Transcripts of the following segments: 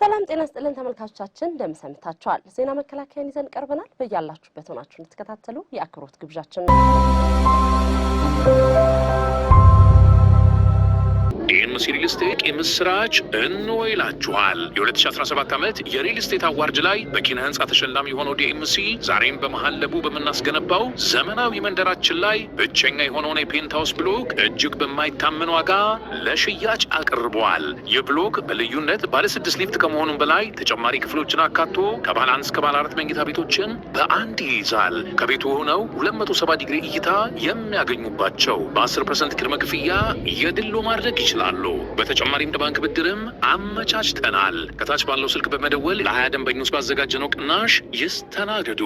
ሰላም ጤና ስጥልን ተመልካቾቻችን፣ እንደምን ሰንብታችኋል? ዜና መከላከያን ይዘን ቀርበናል። በያላችሁበት ሆናችሁ እንድትከታተሉ የአክብሮት ግብዣችን ነው። ሆም ሲሪል ስቴት የምስራች እንሆ ይላችኋል። የ2017 ዓመት የሪል ስቴት አዋርድ ላይ በኪነ ህንፃ ተሸላሚ የሆነው ዲኤምሲ ዛሬም በመሀል ለቡ በምናስገነባው ዘመናዊ መንደራችን ላይ ብቸኛ የሆነውን የፔንታውስ ብሎክ እጅግ በማይታመን ዋጋ ለሽያጭ አቅርበዋል። ይህ ብሎክ በልዩነት ባለስድስት ሊፍት ከመሆኑም በላይ ተጨማሪ ክፍሎችን አካቶ ከባለ አንድ እስከ ባለ አራት መኝታ ቤቶችን በአንድ ይይዛል። ከቤቱ ሆነው 270 ዲግሪ እይታ የሚያገኙባቸው በ10 ፐርሰንት ቅድመ ክፍያ የድሎ ማድረግ ይችላሉ። በተጨማሪም ለባንክ ብድርም አመቻችተናል። ከታች ባለው ስልክ በመደወል ለሀያ ደንበኞች ባዘጋጀነው ቅናሽ ይስተናገዱ።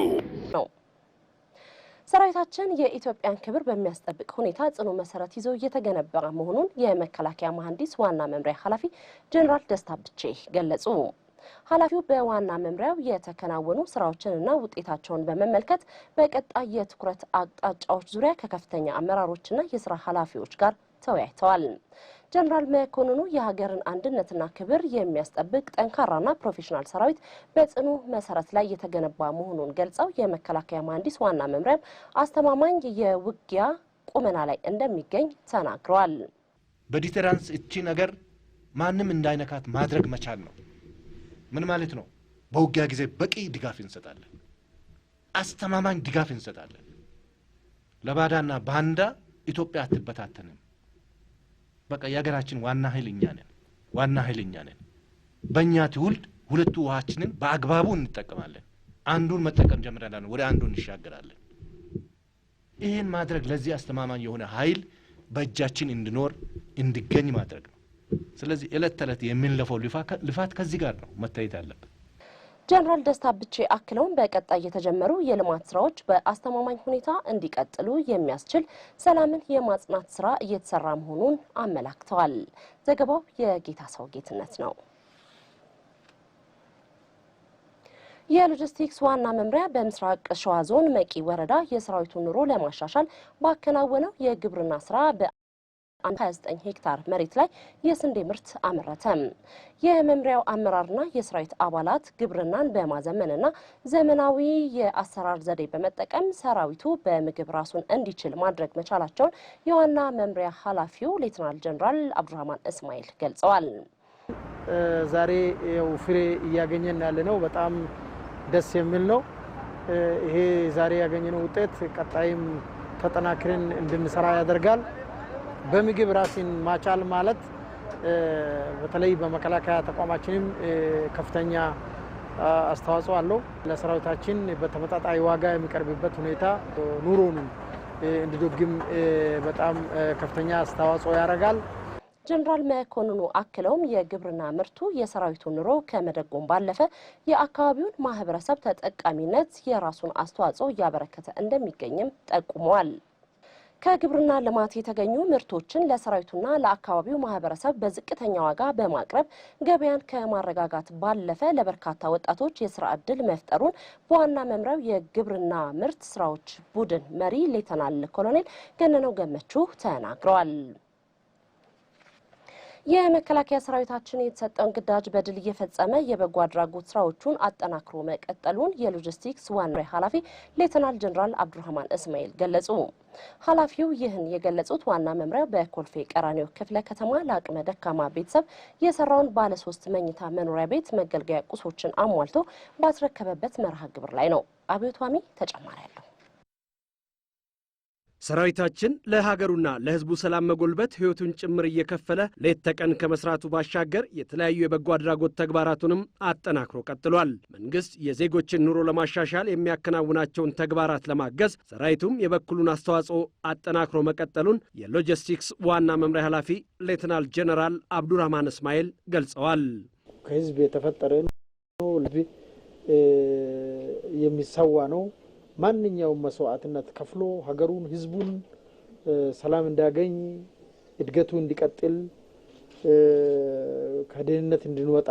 ሰራዊታችን የኢትዮጵያን ክብር በሚያስጠብቅ ሁኔታ ጽኑ መሰረት ይዞ እየተገነባ መሆኑን የመከላከያ መሐንዲስ ዋና መምሪያ ኃላፊ ጀኔራል ደስታ ብቼ ገለጹ። ኃላፊው በዋና መምሪያው የተከናወኑ ስራዎችንና ውጤታቸውን በመመልከት በቀጣይ የትኩረት አቅጣጫዎች ዙሪያ ከከፍተኛ አመራሮችና የስራ ኃላፊዎች ጋር ተወያይተዋል። ጀነራል መኮንኑ የሀገርን አንድነትና ክብር የሚያስጠብቅ ጠንካራና ፕሮፌሽናል ሰራዊት በጽኑ መሰረት ላይ የተገነባ መሆኑን ገልጸው የመከላከያ መሀንዲስ ዋና መምሪያም አስተማማኝ የውጊያ ቁመና ላይ እንደሚገኝ ተናግረዋል። በዲተራንስ እቺ ነገር ማንም እንዳይነካት ማድረግ መቻል ነው። ምን ማለት ነው? በውጊያ ጊዜ በቂ ድጋፍ እንሰጣለን። አስተማማኝ ድጋፍ እንሰጣለን። ለባዳና ባንዳ ኢትዮጵያ አትበታተንም። በቃ የሀገራችን ዋና ኃይልኛ ነን፣ ዋና ኃይልኛ ነን። በእኛ ትውልድ ሁለቱ ውሃችንን በአግባቡ እንጠቀማለን። አንዱን መጠቀም ጀምረናል፣ ወደ አንዱ እንሻገራለን። ይህን ማድረግ ለዚህ አስተማማኝ የሆነ ኃይል በእጃችን እንዲኖር እንዲገኝ ማድረግ ነው። ስለዚህ ዕለት ተዕለት የምንለፈው ልፋት ከዚህ ጋር ነው መታየት ያለበት። ጀነራል ደስታ ብቼ አክለውን በቀጣይ የተጀመሩ የልማት ስራዎች በአስተማማኝ ሁኔታ እንዲቀጥሉ የሚያስችል ሰላምን የማጽናት ስራ እየተሰራ መሆኑን አመላክተዋል። ዘገባው የጌታ ሰው ጌትነት ነው። የሎጂስቲክስ ዋና መምሪያ በምስራቅ ሸዋ ዞን መቂ ወረዳ የሰራዊቱን ኑሮ ለማሻሻል ባከናወነው የግብርና ስራ 29 ሄክታር መሬት ላይ የስንዴ ምርት አመረተ። የመምሪያው አመራርና የሰራዊት አባላት ግብርናን በማዘመንና ዘመናዊ የአሰራር ዘዴ በመጠቀም ሰራዊቱ በምግብ ራሱን እንዲችል ማድረግ መቻላቸውን የዋና መምሪያ ኃላፊው ሌትናል ጀኔራል አብዱራህማን እስማኤል ገልጸዋል። ዛሬ ያው ፍሬ እያገኘን ያለ ነው። በጣም ደስ የሚል ነው። ይሄ ዛሬ ያገኘነው ውጤት ቀጣይም ተጠናክረን እንድንሰራ ያደርጋል። በምግብ ራሴን ማቻል ማለት በተለይ በመከላከያ ተቋማችንም ከፍተኛ አስተዋጽኦ አለው። ለሰራዊታችን በተመጣጣኝ ዋጋ የሚቀርብበት ሁኔታ ኑሮን እንዲዶግም በጣም ከፍተኛ አስተዋጽኦ ያደርጋል። ጀኔራል መኮንኑ አክለውም የግብርና ምርቱ የሰራዊቱ ኑሮ ከመደጎም ባለፈ የአካባቢውን ማህበረሰብ ተጠቃሚነት የራሱን አስተዋጽኦ እያበረከተ እንደሚገኝም ጠቁመዋል። ከግብርና ልማት የተገኙ ምርቶችን ለሰራዊቱና ለአካባቢው ማህበረሰብ በዝቅተኛ ዋጋ በማቅረብ ገበያን ከማረጋጋት ባለፈ ለበርካታ ወጣቶች የስራ እድል መፍጠሩን በዋና መምሪያው የግብርና ምርት ስራዎች ቡድን መሪ ሌተናል ኮሎኔል ገነነው ገመቹ ተናግረዋል። የመከላከያ ሰራዊታችን የተሰጠውን ግዳጅ በድል እየፈጸመ የበጎ አድራጎት ስራዎቹን አጠናክሮ መቀጠሉን የሎጂስቲክስ ዋና ኃላፊ ሌተናል ጀኔራል አብዱራህማን እስማኤል ገለጹ። ኃላፊው ይህን የገለጹት ዋና መምሪያው በኮልፌ ቀራኒዮ ክፍለ ከተማ ለአቅመ ደካማ ቤተሰብ የሰራውን ባለሶስት መኝታ መኖሪያ ቤት መገልገያ ቁሶችን አሟልቶ ባስረከበበት መርሃ ግብር ላይ ነው። አብዮት ዋሚ ተጨማሪ ያለው ሰራዊታችን ለሀገሩና ለሕዝቡ ሰላም መጎልበት ሕይወቱን ጭምር እየከፈለ ሌት ተቀን ከመስራቱ ባሻገር የተለያዩ የበጎ አድራጎት ተግባራቱንም አጠናክሮ ቀጥሏል። መንግስት የዜጎችን ኑሮ ለማሻሻል የሚያከናውናቸውን ተግባራት ለማገዝ ሰራዊቱም የበኩሉን አስተዋጽኦ አጠናክሮ መቀጠሉን የሎጂስቲክስ ዋና መምሪያ ኃላፊ ሌትናል ጄኔራል አብዱራህማን እስማኤል ገልጸዋል። ከህዝብ የተፈጠረ ነው፣ የሚሰዋ ነው። ማንኛውም መስዋዕትነት ከፍሎ ሀገሩን፣ ህዝቡን ሰላም እንዲያገኝ እድገቱ እንዲቀጥል ከድህነት እንድንወጣ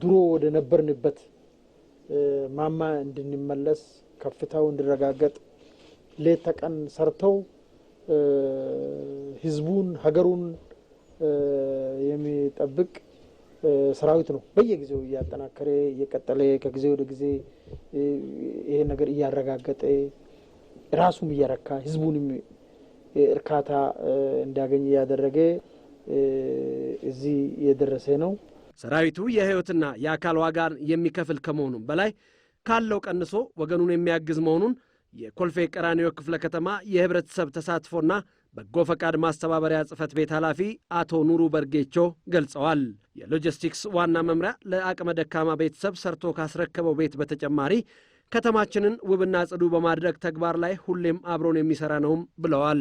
ድሮ ወደ ነበርንበት ማማ እንድንመለስ ከፍታው እንዲረጋገጥ ሌት ተቀን ሰርተው ህዝቡን ሀገሩን የሚጠብቅ ሰራዊት ነው በየጊዜው እያጠናከረ እየቀጠለ ከጊዜ ወደ ጊዜ ይሄን ነገር እያረጋገጠ ራሱም እያረካ ህዝቡንም እርካታ እንዲያገኝ እያደረገ እዚህ የደረሰ ነው። ሰራዊቱ የህይወትና የአካል ዋጋን የሚከፍል ከመሆኑም በላይ ካለው ቀንሶ ወገኑን የሚያግዝ መሆኑን የኮልፌ ቀራኒዮ ክፍለ ከተማ የህብረተሰብ ተሳትፎና በጎ ፈቃድ ማስተባበሪያ ጽፈት ቤት ኃላፊ አቶ ኑሩ በርጌቾ ገልጸዋል። የሎጂስቲክስ ዋና መምሪያ ለአቅመ ደካማ ቤተሰብ ሰርቶ ካስረከበው ቤት በተጨማሪ ከተማችንን ውብና ጽዱ በማድረግ ተግባር ላይ ሁሌም አብሮን የሚሰራ ነውም ብለዋል።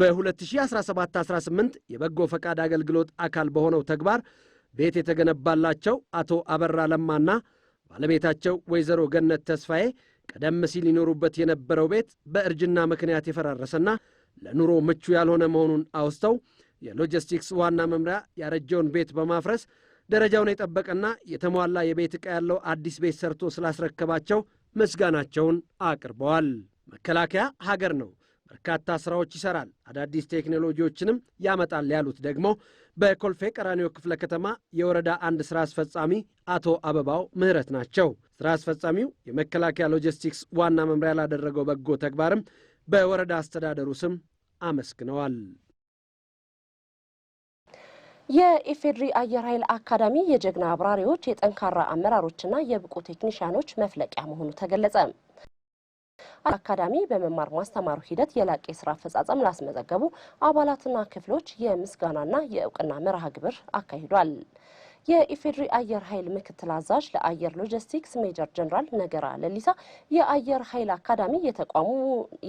በ2017-18 የበጎ ፈቃድ አገልግሎት አካል በሆነው ተግባር ቤት የተገነባላቸው አቶ አበራ ለማና ባለቤታቸው ወይዘሮ ገነት ተስፋዬ ቀደም ሲል ይኖሩበት የነበረው ቤት በእርጅና ምክንያት የፈራረሰና ለኑሮ ምቹ ያልሆነ መሆኑን አውስተው የሎጂስቲክስ ዋና መምሪያ ያረጀውን ቤት በማፍረስ ደረጃውን የጠበቀና የተሟላ የቤት ዕቃ ያለው አዲስ ቤት ሰርቶ ስላስረከባቸው ምስጋናቸውን አቅርበዋል። መከላከያ ሀገር ነው፣ በርካታ ስራዎች ይሰራል፣ አዳዲስ ቴክኖሎጂዎችንም ያመጣል ያሉት ደግሞ በኮልፌ ቀራኒዮ ክፍለ ከተማ የወረዳ አንድ ስራ አስፈጻሚ አቶ አበባው ምህረት ናቸው። ስራ አስፈጻሚው የመከላከያ ሎጂስቲክስ ዋና መምሪያ ላደረገው በጎ ተግባርም በወረዳ አስተዳደሩ ስም አመስግነዋል። የኢፌድሪ አየር ኃይል አካዳሚ የጀግና አብራሪዎች፣ የጠንካራ አመራሮችና የብቁ ቴክኒሽያኖች መፍለቂያ መሆኑ ተገለጸ። አካዳሚ በመማር ማስተማሩ ሂደት የላቅ የስራ አፈጻጸም ላስመዘገቡ አባላትና ክፍሎች የምስጋናና የእውቅና መርሃ ግብር አካሂዷል። የኢፌዴሪ አየር ኃይል ምክትል አዛዥ ለአየር ሎጂስቲክስ ሜጀር ጀነራል ነገራ ለሊሳ የአየር ኃይል አካዳሚ የተቋሙ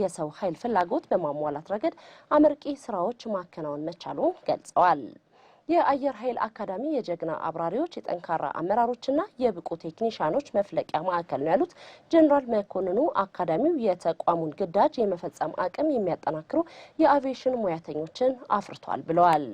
የሰው ኃይል ፍላጎት በማሟላት ረገድ አመርቂ ስራዎች ማከናወን መቻሉን ገልጸዋል። የአየር ኃይል አካዳሚ የጀግና አብራሪዎች፣ የጠንካራ አመራሮችና የብቁ ቴክኒሽያኖች መፍለቂያ ማዕከል ነው ያሉት ጀኔራል መኮንኑ አካዳሚው የተቋሙን ግዳጅ የመፈጸም አቅም የሚያጠናክሩ የአቪዬሽን ሙያተኞችን አፍርቷል ብለዋል።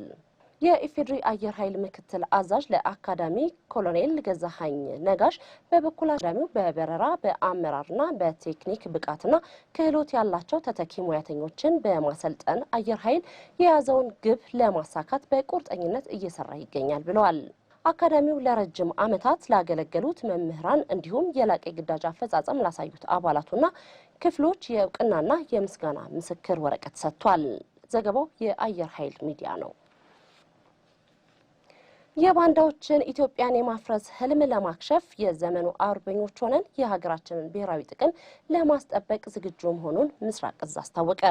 የኢፌዴሪ አየር ኃይል ምክትል አዛዥ ለአካዳሚ ኮሎኔል ገዛሀኝ ነጋሽ አካዳሚው በበረራ በአመራርና በቴክኒክ ብቃትና ክህሎት ያላቸው ተተኪ ሙያተኞችን በማሰልጠን አየር ኃይል የያዘውን ግብ ለማሳካት በቁርጠኝነት እየሰራ ይገኛል ብለዋል። አካዳሚው ለረጅም ዓመታት ላገለገሉት መምህራን እንዲሁም የላቀ ግዳጅ አፈጻጸም ላሳዩት አባላቱና ክፍሎች የእውቅናና የምስጋና ምስክር ወረቀት ሰጥቷል። ዘገባው የአየር ኃይል ሚዲያ ነው። የባንዳዎችን ኢትዮጵያን የማፍረስ ህልም ለማክሸፍ የዘመኑ አርበኞች ሆነን የሀገራችንን ብሔራዊ ጥቅም ለማስጠበቅ ዝግጁ መሆኑን ምስራቅ እዝ አስታወቀ።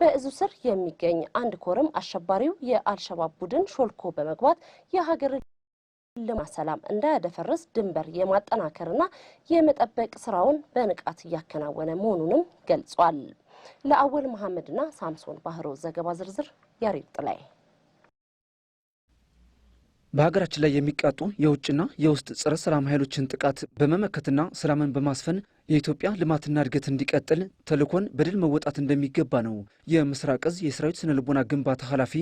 በእዙ ስር የሚገኝ አንድ ኮርም አሸባሪው የአልሸባብ ቡድን ሾልኮ በመግባት የሀገር ልማት ሰላም እንዳያደፈርስ ድንበር የማጠናከርና የመጠበቅ ስራውን በንቃት እያከናወነ መሆኑንም ገልጿል። ለአወል መሐመድና ሳምሶን ባህሮ ዘገባ ዝርዝር ያሬድ ጥላይ በሀገራችን ላይ የሚቃጡ የውጭና የውስጥ ጸረ ሰላም ኃይሎችን ጥቃት በመመከትና ሰላምን በማስፈን የኢትዮጵያ ልማትና እድገት እንዲቀጥል ተልኮን በድል መወጣት እንደሚገባ ነው የምስራቅ እዝ የሰራዊት ስነ ልቦና ግንባታ ኃላፊ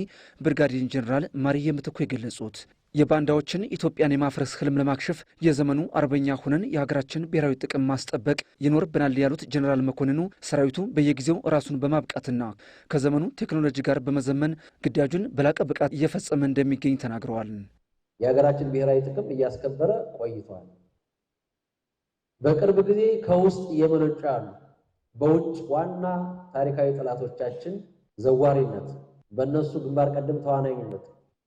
ብርጋዴር ጀኔራል ማርየ ምትኩ የገለጹት። የባንዳዎችን ኢትዮጵያን የማፍረስ ህልም ለማክሸፍ የዘመኑ አርበኛ ሆነን የሀገራችን ብሔራዊ ጥቅም ማስጠበቅ ይኖርብናል ያሉት ጀኔራል መኮንኑ ሰራዊቱ በየጊዜው ራሱን በማብቃትና ከዘመኑ ቴክኖሎጂ ጋር በመዘመን ግዳጁን በላቀ ብቃት እየፈጸመ እንደሚገኝ ተናግረዋል። የሀገራችን ብሔራዊ ጥቅም እያስከበረ ቆይቷል። በቅርብ ጊዜ ከውስጥ እየመነጩ አሉ። በውጭ ዋና ታሪካዊ ጠላቶቻችን ዘዋሪነት፣ በእነሱ ግንባር ቀደም ተዋናኝነት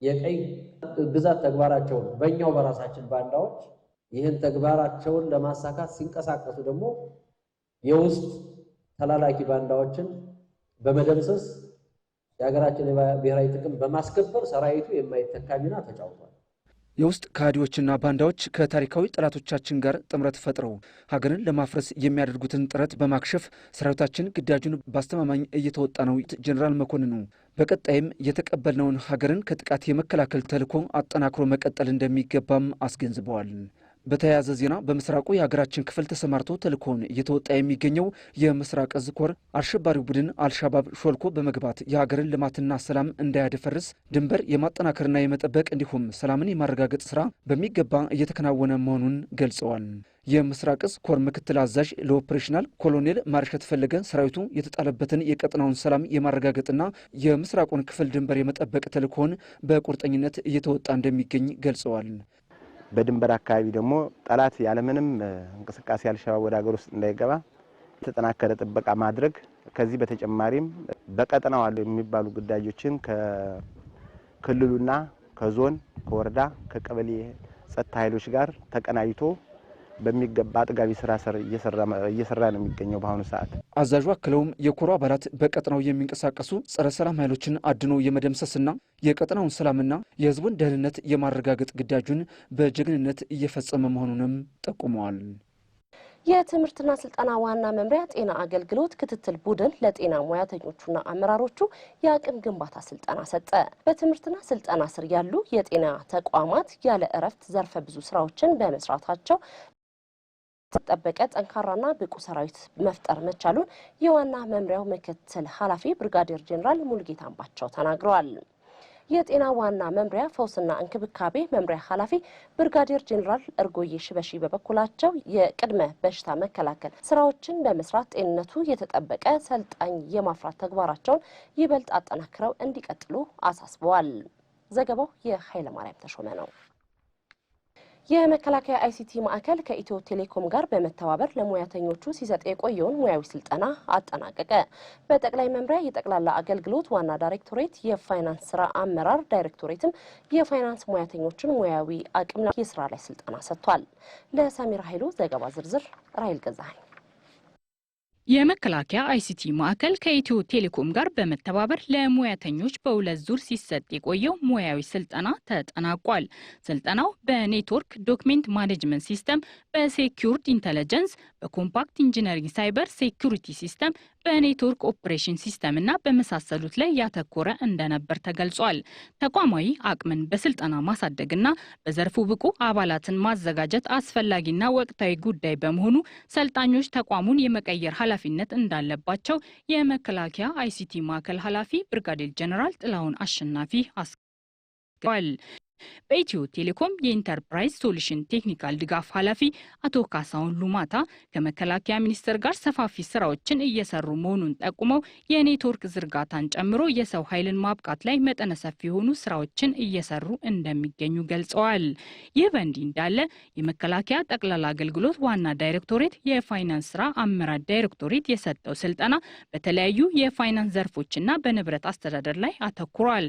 የቀይ ግዛት ተግባራቸውን በእኛው በራሳችን ባንዳዎች ይህን ተግባራቸውን ለማሳካት ሲንቀሳቀሱ ደግሞ የውስጥ ተላላኪ ባንዳዎችን በመደምሰስ የሀገራችን ብሔራዊ ጥቅም በማስከበር ሰራዊቱ የማይተካ ሚና ተጫውቷል። የውስጥ ከሃዲዎችና ባንዳዎች ከታሪካዊ ጠላቶቻችን ጋር ጥምረት ፈጥረው ሀገርን ለማፍረስ የሚያደርጉትን ጥረት በማክሸፍ ሰራዊታችን ግዳጁን በአስተማማኝ እየተወጣ ነው። ጀኔራል መኮንኑ በቀጣይም የተቀበልነውን ሀገርን ከጥቃት የመከላከል ተልዕኮ አጠናክሮ መቀጠል እንደሚገባም አስገንዝበዋል። በተያያዘ ዜና በምስራቁ የሀገራችን ክፍል ተሰማርቶ ተልእኮውን እየተወጣ የሚገኘው የምስራቅ እዝ ኮር አሸባሪው ቡድን አልሻባብ ሾልኮ በመግባት የሀገርን ልማትና ሰላም እንዳያደፈርስ ድንበር የማጠናከርና የመጠበቅ እንዲሁም ሰላምን የማረጋገጥ ስራ በሚገባ እየተከናወነ መሆኑን ገልጸዋል። የምስራቅ እዝ ኮር ምክትል አዛዥ ለኦፕሬሽናል ኮሎኔል ማርሸት ፈለገ ሰራዊቱ የተጣለበትን የቀጠናውን ሰላም የማረጋገጥና የምስራቁን ክፍል ድንበር የመጠበቅ ተልእኮውን በቁርጠኝነት እየተወጣ እንደሚገኝ ገልጸዋል። በድንበር አካባቢ ደግሞ ጠላት ያለምንም እንቅስቃሴ አልሸባብ ወደ ሀገር ውስጥ እንዳይገባ የተጠናከረ ጥበቃ ማድረግ፣ ከዚህ በተጨማሪም በቀጠናው አሉ የሚባሉ ግዳጆችን ከክልሉና ከዞን ከወረዳ ከቀበሌ ጸጥታ ኃይሎች ጋር ተቀናጅቶ በሚገባ አጥጋቢ ስራ እየሰራ ነው የሚገኘው በአሁኑ ሰዓት። አዛዡ አክለውም የኮሮ አባላት በቀጥናው የሚንቀሳቀሱ ጸረ ሰላም ኃይሎችን አድኖ የመደምሰስና የቀጠናውን ሰላምና የህዝቡን ደህንነት የማረጋገጥ ግዳጁን በጀግንነት እየፈጸመ መሆኑንም ጠቁመዋል። የትምህርትና ስልጠና ዋና መምሪያ ጤና አገልግሎት ክትትል ቡድን ለጤና ሙያተኞቹና አመራሮቹ የአቅም ግንባታ ስልጠና ሰጠ። በትምህርትና ስልጠና ስር ያሉ የጤና ተቋማት ያለ እረፍት ዘርፈ ብዙ ስራዎችን በመስራታቸው ተጠበቀ ጠንካራና ብቁ ሰራዊት መፍጠር መቻሉን የዋና መምሪያው ምክትል ኃላፊ ብርጋዴር ጄኔራል ሙልጌታ አምባቸው ተናግረዋል። የጤና ዋና መምሪያ ፈውስና እንክብካቤ መምሪያ ኃላፊ ብርጋዴር ጄኔራል እርጎዬ ሽበሺ በበኩላቸው የቅድመ በሽታ መከላከል ስራዎችን በመስራት ጤንነቱ የተጠበቀ ሰልጣኝ የማፍራት ተግባራቸውን ይበልጥ አጠናክረው እንዲቀጥሉ አሳስበዋል። ዘገባው የኃይለማርያም ተሾመ ነው። የመከላከያ አይሲቲ ማዕከል ከኢትዮ ቴሌኮም ጋር በመተባበር ለሙያተኞቹ ሲሰጥ የቆየውን ሙያዊ ስልጠና አጠናቀቀ። በጠቅላይ መምሪያ የጠቅላላ አገልግሎት ዋና ዳይሬክቶሬት የፋይናንስ ስራ አመራር ዳይሬክቶሬትም የፋይናንስ ሙያተኞችን ሙያዊ አቅም የስራ ላይ ስልጠና ሰጥቷል። ለሰሚር ኃይሉ ዘገባ ዝርዝር ራይል ገዛኸኝ የመከላከያ አይሲቲ ማዕከል ከኢትዮ ቴሌኮም ጋር በመተባበር ለሙያተኞች በሁለት ዙር ሲሰጥ የቆየው ሙያዊ ስልጠና ተጠናቋል። ስልጠናው በኔትወርክ ዶክሜንት ማኔጅመንት ሲስተም፣ በሴኪርድ ኢንተለጀንስ፣ በኮምፓክት ኢንጂነሪንግ ሳይበር ሴኩሪቲ ሲስተም፣ በኔትወርክ ኦፕሬሽን ሲስተም እና በመሳሰሉት ላይ ያተኮረ እንደነበር ተገልጿል። ተቋማዊ አቅምን በስልጠና ማሳደግ እና በዘርፉ ብቁ አባላትን ማዘጋጀት አስፈላጊና ወቅታዊ ጉዳይ በመሆኑ ሰልጣኞች ተቋሙን የመቀየር ኃላፊነት እንዳለባቸው የመከላከያ አይሲቲ ማዕከል ኃላፊ ብርጋዴር ጀነራል ጥላሁን አሸናፊ አስገዋል። በኢትዮ ቴሌኮም የኢንተርፕራይዝ ሶሉሽን ቴክኒካል ድጋፍ ኃላፊ አቶ ካሳሁን ሉማታ ከመከላከያ ሚኒስቴር ጋር ሰፋፊ ስራዎችን እየሰሩ መሆኑን ጠቁመው የኔትወርክ ዝርጋታን ጨምሮ የሰው ኃይልን ማብቃት ላይ መጠነ ሰፊ የሆኑ ስራዎችን እየሰሩ እንደሚገኙ ገልጸዋል። ይህ በእንዲህ እንዳለ የመከላከያ ጠቅላላ አገልግሎት ዋና ዳይሬክቶሬት የፋይናንስ ስራ አመራር ዳይሬክቶሬት የሰጠው ስልጠና በተለያዩ የፋይናንስ ዘርፎችና በንብረት አስተዳደር ላይ አተኩሯል።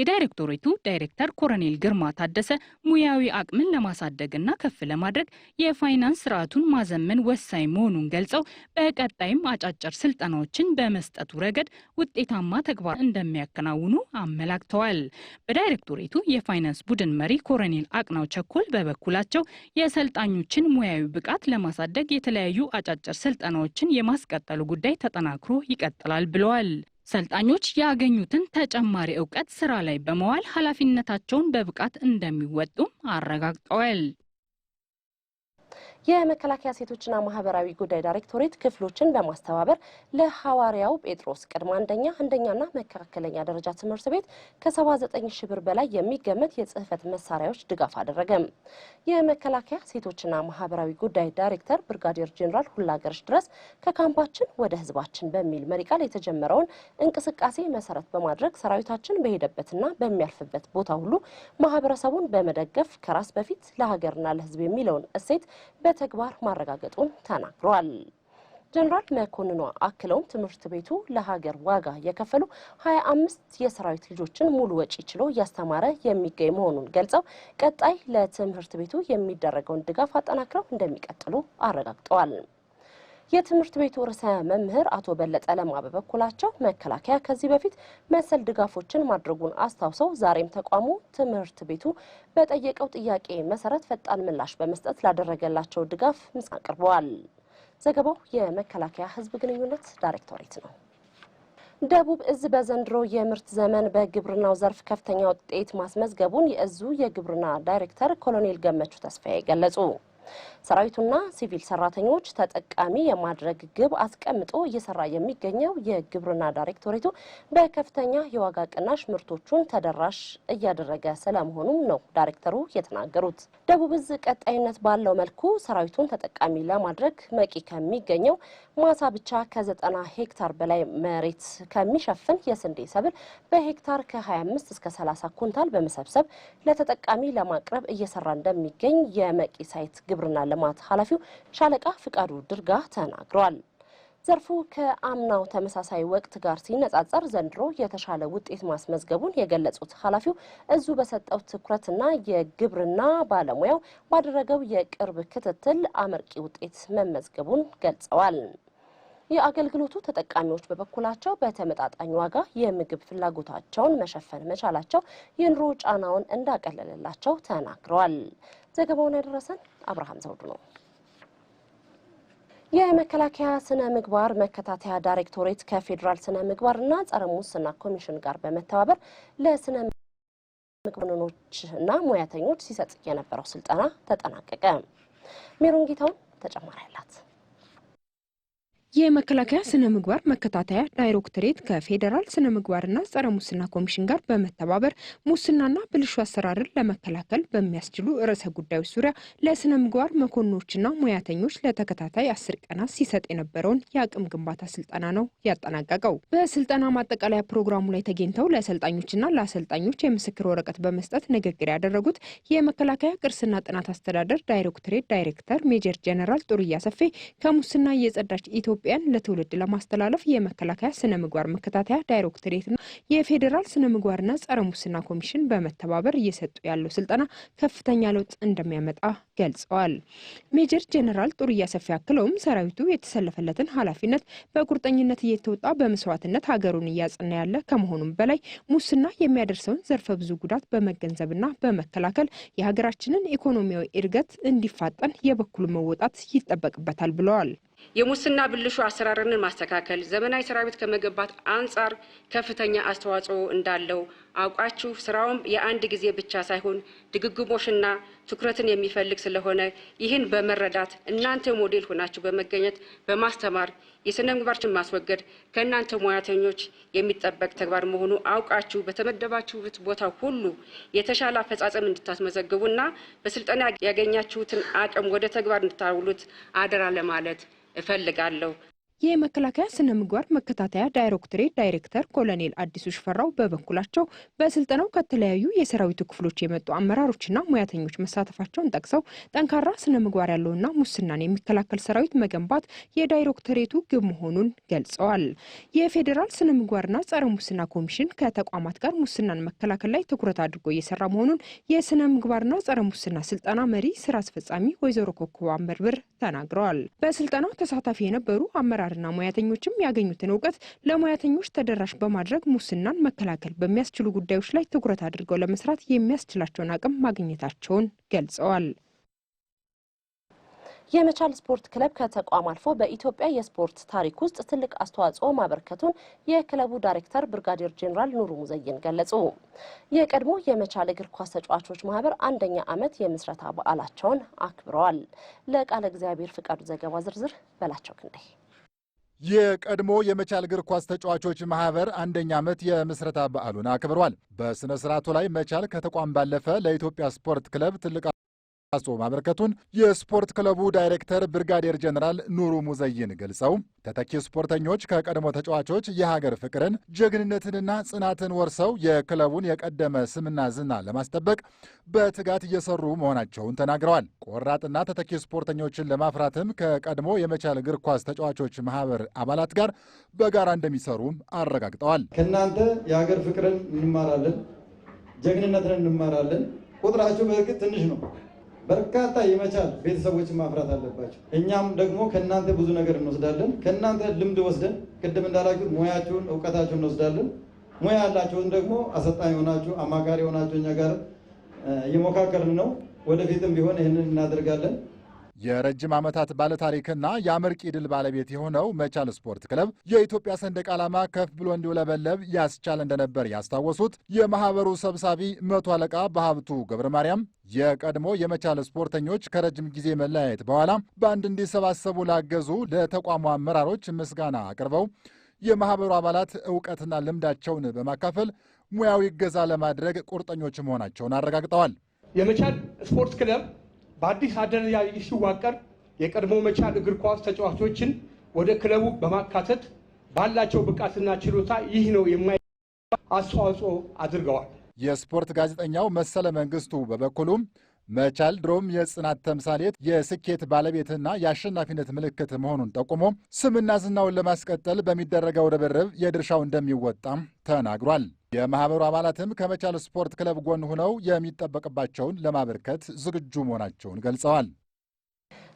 የዳይሬክቶሬቱ ዳይሬክተር ኮሎኔል ግርማ ታደሰ ሙያዊ አቅምን ለማሳደግና ከፍ ለማድረግ የፋይናንስ ስርዓቱን ማዘመን ወሳኝ መሆኑን ገልጸው በቀጣይም አጫጭር ስልጠናዎችን በመስጠቱ ረገድ ውጤታማ ተግባር እንደሚያከናውኑ አመላክተዋል። በዳይሬክቶሬቱ የፋይናንስ ቡድን መሪ ኮሎኔል አቅናው ቸኮል በበኩላቸው የሰልጣኞችን ሙያዊ ብቃት ለማሳደግ የተለያዩ አጫጭር ስልጠናዎችን የማስቀጠሉ ጉዳይ ተጠናክሮ ይቀጥላል ብለዋል። ሰልጣኞች ያገኙትን ተጨማሪ እውቀት ስራ ላይ በመዋል ኃላፊነታቸውን በብቃት እንደሚወጡም አረጋግጠዋል። የመከላከያ ሴቶችና ማህበራዊ ጉዳይ ዳይሬክቶሬት ክፍሎችን በማስተባበር ለሐዋርያው ጴጥሮስ ቅድመ አንደኛ አንደኛና መካከለኛ ደረጃ ትምህርት ቤት ከ79 ሺህ ብር በላይ የሚገመት የጽህፈት መሳሪያዎች ድጋፍ አደረገም። የመከላከያ ሴቶችና ማህበራዊ ጉዳይ ዳይሬክተር ብርጋዴር ጄኔራል ሁላገርሽ ድረስ ከካምፓችን ወደ ህዝባችን በሚል መሪ ቃል የተጀመረውን እንቅስቃሴ መሰረት በማድረግ ሰራዊታችን በሄደበትና በሚያልፍበት ቦታ ሁሉ ማህበረሰቡን በመደገፍ ከራስ በፊት ለሀገርና ለህዝብ የሚለውን እሴት በተግባር ማረጋገጡን ተናግሯል። ጀኔራል መኮንኗ አክለውም ትምህርት ቤቱ ለሀገር ዋጋ የከፈሉ ሀያ አምስት የሰራዊት ልጆችን ሙሉ ወጪ ችሎ እያስተማረ የሚገኝ መሆኑን ገልጸው ቀጣይ ለትምህርት ቤቱ የሚደረገውን ድጋፍ አጠናክረው እንደሚቀጥሉ አረጋግጠዋል። የትምህርት ቤቱ ርዕሰ መምህር አቶ በለጠ ለማ በበኩላቸው መከላከያ ከዚህ በፊት መሰል ድጋፎችን ማድረጉን አስታውሰው ዛሬም ተቋሙ ትምህርት ቤቱ በጠየቀው ጥያቄ መሰረት ፈጣን ምላሽ በመስጠት ላደረገላቸው ድጋፍ ምስጋና አቅርበዋል። ዘገባው የመከላከያ ሕዝብ ግንኙነት ዳይሬክቶሬት ነው። ደቡብ እዝ በዘንድሮ የምርት ዘመን በግብርናው ዘርፍ ከፍተኛ ውጤት ማስመዝገቡን የእዙ የግብርና ዳይሬክተር ኮሎኔል ገመቹ ተስፋዬ ገለጹ። ሰራዊቱና ሲቪል ሰራተኞች ተጠቃሚ የማድረግ ግብ አስቀምጦ እየሰራ የሚገኘው የግብርና ዳይሬክቶሬቱ በከፍተኛ የዋጋ ቅናሽ ምርቶቹን ተደራሽ እያደረገ ስለመሆኑም ነው ዳይሬክተሩ የተናገሩት። ደቡብ እዝ ቀጣይነት ባለው መልኩ ሰራዊቱን ተጠቃሚ ለማድረግ መቂ ከሚገኘው ማሳ ብቻ ከዘጠና ሄክታር በላይ መሬት ከሚሸፍን የስንዴ ሰብል በሄክታር ከ25 እስከ 30 ኩንታል በመሰብሰብ ለተጠቃሚ ለማቅረብ እየሰራ እንደሚገኝ የመቂ ሳይት ግብርና ልማት ኃላፊው ሻለቃ ፍቃዱ ድርጋ ተናግሯል። ዘርፉ ከአምናው ተመሳሳይ ወቅት ጋር ሲነጻጸር ዘንድሮ የተሻለ ውጤት ማስመዝገቡን የገለጹት ኃላፊው እዙ በሰጠው ትኩረትና የግብርና ባለሙያው ባደረገው የቅርብ ክትትል አመርቂ ውጤት መመዝገቡን ገልጸዋል። የአገልግሎቱ ተጠቃሚዎች በበኩላቸው በተመጣጣኝ ዋጋ የምግብ ፍላጎታቸውን መሸፈን መቻላቸው የኑሮ ጫናውን እንዳቀለለላቸው ተናግረዋል። ዘገባውን ያደረሰን አብርሃም ዘውዱ ነው። የመከላከያ ስነ ምግባር መከታተያ ዳይሬክቶሬት ከፌዴራል ስነ ምግባርና ጸረ ሙስና ኮሚሽን ጋር በመተባበር ለስነ እና ሙያተኞች ሲሰጥ የነበረው ስልጠና ተጠናቀቀ። ሜሮን ጌታውን ተጨማሪ አላት። የመከላከያ ስነ ምግባር መከታተያ ዳይሬክቶሬት ከፌዴራል ስነ ምግባርና ጸረ ሙስና ኮሚሽን ጋር በመተባበር ሙስናና ብልሹ አሰራርን ለመከላከል በሚያስችሉ ርዕሰ ጉዳዮች ዙሪያ ለስነ ምግባር መኮንኖችና ሙያተኞች ለተከታታይ አስር ቀናት ሲሰጥ የነበረውን የአቅም ግንባታ ስልጠና ነው ያጠናቀቀው። በስልጠና ማጠቃለያ ፕሮግራሙ ላይ ተገኝተው ለሰልጣኞችና ለአሰልጣኞች የምስክር ወረቀት በመስጠት ንግግር ያደረጉት የመከላከያ ቅርስና ጥናት አስተዳደር ዳይሬክቶሬት ዳይሬክተር ሜጀር ጀነራል ጡርያ ሰፌ ከሙስና የጸዳች ኢትዮ ኢትዮጵያን ለትውልድ ለማስተላለፍ የመከላከያ ስነ ምግባር መከታተያ ዳይሬክቶሬትና የፌዴራል ስነ ምግባርና ጸረ ሙስና ኮሚሽን በመተባበር እየሰጡ ያለው ስልጠና ከፍተኛ ለውጥ እንደሚያመጣ ገልጸዋል። ሜጀር ጀነራል ጡርያ ሰፊ አክለውም ሰራዊቱ የተሰለፈለትን ኃላፊነት በቁርጠኝነት እየተወጣ በመስዋዕትነት ሀገሩን እያጸና ያለ ከመሆኑም በላይ ሙስና የሚያደርሰውን ዘርፈ ብዙ ጉዳት በመገንዘብና በመከላከል የሀገራችንን ኢኮኖሚያዊ እድገት እንዲፋጠን የበኩሉ መወጣት ይጠበቅበታል ብለዋል። የሙስና ብልሹ አሰራርን ማስተካከል ዘመናዊ ሰራዊት ከመገንባት አንጻር ከፍተኛ አስተዋጽኦ እንዳለው አውቃችሁ ስራውም የአንድ ጊዜ ብቻ ሳይሆን ድግግሞሽና ትኩረትን የሚፈልግ ስለሆነ ይህን በመረዳት እናንተ ሞዴል ሆናችሁ በመገኘት በማስተማር የስነ ምግባርችን ማስወገድ ከእናንተ ሙያተኞች የሚጠበቅ ተግባር መሆኑ አውቃችሁ በተመደባችሁበት ቦታ ሁሉ የተሻለ አፈጻጸም እንድታስመዘግቡና በስልጠና ያገኛችሁትን አቅም ወደ ተግባር እንድታውሉት አደራ ለማለት እፈልጋለሁ። የመከላከያ ስነ ምግባር መከታተያ ዳይሬክቶሬት ዳይሬክተር ኮሎኔል አዲሱ ሽፈራው በበኩላቸው በስልጠናው ከተለያዩ የሰራዊቱ ክፍሎች የመጡ አመራሮችና ሙያተኞች መሳተፋቸውን ጠቅሰው ጠንካራ ስነ ምግባር ያለውና ሙስናን የሚከላከል ሰራዊት መገንባት የዳይሬክቶሬቱ ግብ መሆኑን ገልጸዋል። የፌዴራል ስነ ምግባርና ጸረ ሙስና ኮሚሽን ከተቋማት ጋር ሙስናን መከላከል ላይ ትኩረት አድርጎ እየሰራ መሆኑን የስነ ምግባርና ጸረ ሙስና ስልጠና መሪ ስራ አስፈጻሚ ወይዘሮ ኮከብ መርብር ተናግረዋል። በስልጠናው ተሳታፊ የነበሩ አመራር መምህራንና ሙያተኞችም ያገኙትን እውቀት ለሙያተኞች ተደራሽ በማድረግ ሙስናን መከላከል በሚያስችሉ ጉዳዮች ላይ ትኩረት አድርገው ለመስራት የሚያስችላቸውን አቅም ማግኘታቸውን ገልጸዋል። የመቻል ስፖርት ክለብ ከተቋም አልፎ በኢትዮጵያ የስፖርት ታሪክ ውስጥ ትልቅ አስተዋጽኦ ማበርከቱን የክለቡ ዳይሬክተር ብርጋዴር ጄኔራል ኑሩ ሙዘይን ገለጹ። የቀድሞ የመቻል እግር ኳስ ተጫዋቾች ማህበር አንደኛ ዓመት የምስረታ በዓላቸውን አክብረዋል። ለቃለ እግዚአብሔር ፍቃዱ ዘገባ ዝርዝር በላቸው ክንዴ የቀድሞ የመቻል እግር ኳስ ተጫዋቾች ማህበር አንደኛ ዓመት የምስረታ በዓሉን አክብሯል። በሥነ ሥርዓቱ ላይ መቻል ከተቋም ባለፈ ለኢትዮጵያ ስፖርት ክለብ ትልቅ አስተዋጽኦ ማበርከቱን የስፖርት ክለቡ ዳይሬክተር ብርጋዴር ጀነራል ኑሩ ሙዘይን ገልጸው ተተኪ ስፖርተኞች ከቀድሞ ተጫዋቾች የሀገር ፍቅርን ጀግንነትንና ጽናትን ወርሰው የክለቡን የቀደመ ስምና ዝና ለማስጠበቅ በትጋት እየሰሩ መሆናቸውን ተናግረዋል። ቆራጥና ተተኪ ስፖርተኞችን ለማፍራትም ከቀድሞ የመቻል እግር ኳስ ተጫዋቾች ማህበር አባላት ጋር በጋራ እንደሚሰሩም አረጋግጠዋል። ከእናንተ የሀገር ፍቅርን እንማራለን፣ ጀግንነትን እንማራለን። ቁጥራችሁ በእርግጥ ትንሽ ነው በርካታ የመቻል ቤተሰቦችን ማፍራት አለባቸው። እኛም ደግሞ ከእናንተ ብዙ ነገር እንወስዳለን። ከእናንተ ልምድ ወስደን ቅድም እንዳላችሁ ሙያችሁን፣ እውቀታችሁን እንወስዳለን። ሙያ ያላችሁን ደግሞ አሰልጣኝ የሆናችሁ አማካሪ የሆናችሁ እኛ ጋር እየሞካከርን ነው። ወደፊትም ቢሆን ይህንን እናደርጋለን። የረጅም ዓመታት ባለታሪክና የአመርቂ ድል ባለቤት የሆነው መቻል ስፖርት ክለብ የኢትዮጵያ ሰንደቅ ዓላማ ከፍ ብሎ እንዲውለበለብ ያስቻል እንደነበር ያስታወሱት የማህበሩ ሰብሳቢ መቶ አለቃ በሀብቱ ገብረ ማርያም የቀድሞ የመቻል ስፖርተኞች ከረጅም ጊዜ መለያየት በኋላ በአንድ እንዲሰባሰቡ ላገዙ ለተቋሙ አመራሮች ምስጋና አቅርበው የማህበሩ አባላት እውቀትና ልምዳቸውን በማካፈል ሙያዊ እገዛ ለማድረግ ቁርጠኞች መሆናቸውን አረጋግጠዋል። የመቻል ስፖርት ክለብ በአዲስ አደረጃጀት ሲዋቀር የቀድሞ መቻል እግር ኳስ ተጫዋቾችን ወደ ክለቡ በማካተት ባላቸው ብቃትና ችሎታ ይህ ነው የማይ አስተዋጽኦ አድርገዋል። የስፖርት ጋዜጠኛው መሰለ መንግስቱ በበኩሉም መቻል ድሮም የጽናት ተምሳሌት፣ የስኬት ባለቤትና የአሸናፊነት ምልክት መሆኑን ጠቁሞ ስምና ዝናውን ለማስቀጠል በሚደረገው ርብርብ የድርሻው እንደሚወጣም ተናግሯል። የማህበሩ አባላትም ከመቻል ስፖርት ክለብ ጎን ሆነው የሚጠበቅባቸውን ለማበርከት ዝግጁ መሆናቸውን ገልጸዋል።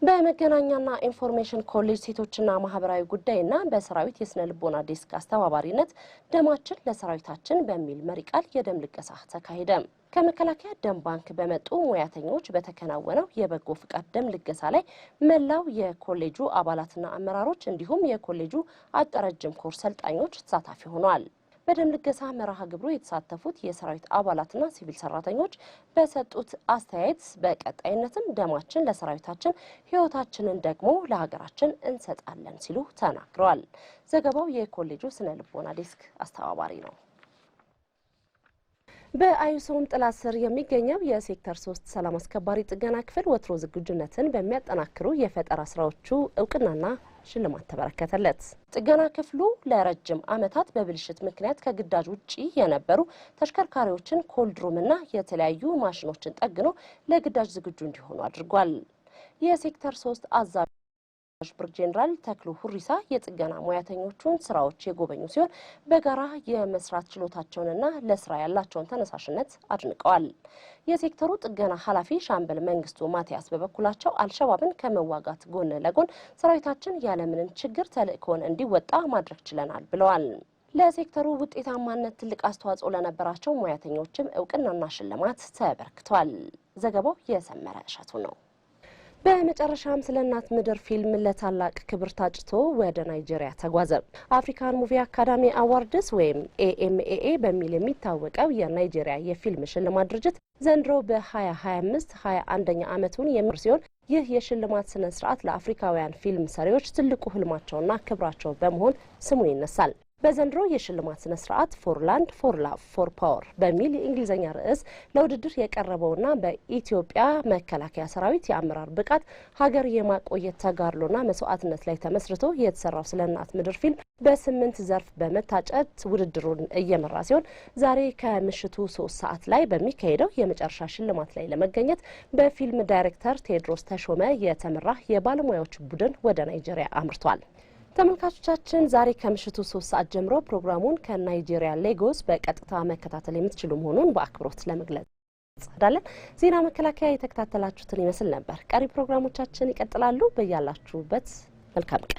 በመገናኛና ኢንፎርሜሽን ኮሌጅ ሴቶችና ማህበራዊ ጉዳይና በሰራዊት የስነ ልቦና ዴስክ አስተባባሪነት ደማችን ለሰራዊታችን በሚል መሪ ቃል የደም ልገሳ ተካሄደ። ከመከላከያ ደም ባንክ በመጡ ሙያተኞች በተከናወነው የበጎ ፍቃድ ደም ልገሳ ላይ መላው የኮሌጁ አባላትና አመራሮች እንዲሁም የኮሌጁ አጠረጅም ኮርስ ሰልጣኞች ተሳታፊ ሆኗል። በደም ልገሳ መርሃ ግብሩ የተሳተፉት የሰራዊት አባላትና ሲቪል ሰራተኞች በሰጡት አስተያየት በቀጣይነትም ደማችን ለሰራዊታችን፣ ህይወታችንን ደግሞ ለሀገራችን እንሰጣለን ሲሉ ተናግረዋል። ዘገባው የኮሌጁ ስነ ልቦና ዴስክ አስተባባሪ ነው። በአዩሶም ጥላ ስር የሚገኘው የሴክተር ሶስት ሰላም አስከባሪ ጥገና ክፍል ወትሮ ዝግጁነትን በሚያጠናክሩ የፈጠራ ስራዎቹ እውቅናና ሽልማት ተበረከተለት። ጥገና ክፍሉ ለረጅም ዓመታት በብልሽት ምክንያት ከግዳጅ ውጪ የነበሩ ተሽከርካሪዎችን ኮልድሩምና የተለያዩ ማሽኖችን ጠግኖ ለግዳጅ ዝግጁ እንዲሆኑ አድርጓል። የሴክተር ሶስት አዛ ብር ጄኔራል ተክሉ ሁሪሳ የጥገና ሙያተኞቹን ስራዎች የጎበኙ ሲሆን በጋራ የመስራት ችሎታቸውንና ለስራ ያላቸውን ተነሳሽነት አድንቀዋል። የሴክተሩ ጥገና ኃላፊ ሻምበል መንግስቱ ማቲያስ በበኩላቸው አልሸባብን ከመዋጋት ጎን ለጎን ሰራዊታችን ያለምንም ችግር ተልእኮን እንዲወጣ ማድረግ ችለናል ብለዋል። ለሴክተሩ ውጤታማነት ትልቅ አስተዋጽኦ ለነበራቸው ሙያተኞችም እውቅናና ሽልማት ተበርክቷል። ዘገባው የሰመረ እሸቱ ነው። በመጨረሻም ስለ እናት ምድር ፊልም ለታላቅ ክብር ታጭቶ ወደ ናይጄሪያ ተጓዘ። አፍሪካን ሙቪ አካዳሚ አዋርድስ ወይም ኤኤምኤኤ በሚል የሚታወቀው የናይጄሪያ የፊልም ሽልማት ድርጅት ዘንድሮ በ2025 21ኛ ዓመቱን የምር ሲሆን ይህ የሽልማት ስነ ስርዓት ለአፍሪካውያን ፊልም ሰሪዎች ትልቁ ህልማቸውና ክብራቸው በመሆን ስሙ ይነሳል። በዘንድሮ የሽልማት ስነ ስርዓት ፎርላንድ ፎርላ ፎር ፓወር በሚል የእንግሊዝኛ ርዕስ ለውድድር የቀረበውና በኢትዮጵያ መከላከያ ሰራዊት የአመራር ብቃት ሀገር የማቆየት ተጋድሎና መስዋዕትነት ላይ ተመስርቶ የተሰራው ስለ እናት ምድር ፊልም በስምንት ዘርፍ በመታጨት ውድድሩን እየመራ ሲሆን ዛሬ ከምሽቱ ሶስት ሰዓት ላይ በሚካሄደው የመጨረሻ ሽልማት ላይ ለመገኘት በፊልም ዳይሬክተር ቴዎድሮስ ተሾመ የተመራ የባለሙያዎች ቡድን ወደ ናይጄሪያ አምርቷል። ተመልካቾቻችን ዛሬ ከምሽቱ ሶስት ሰዓት ጀምሮ ፕሮግራሙን ከናይጄሪያ ሌጎስ በቀጥታ መከታተል የምትችሉ መሆኑን በአክብሮት ለመግለጽ ጸዳለን። ዜና መከላከያ የተከታተላችሁትን ይመስል ነበር። ቀሪ ፕሮግራሞቻችን ይቀጥላሉ። በያላችሁበት መልካም ቀን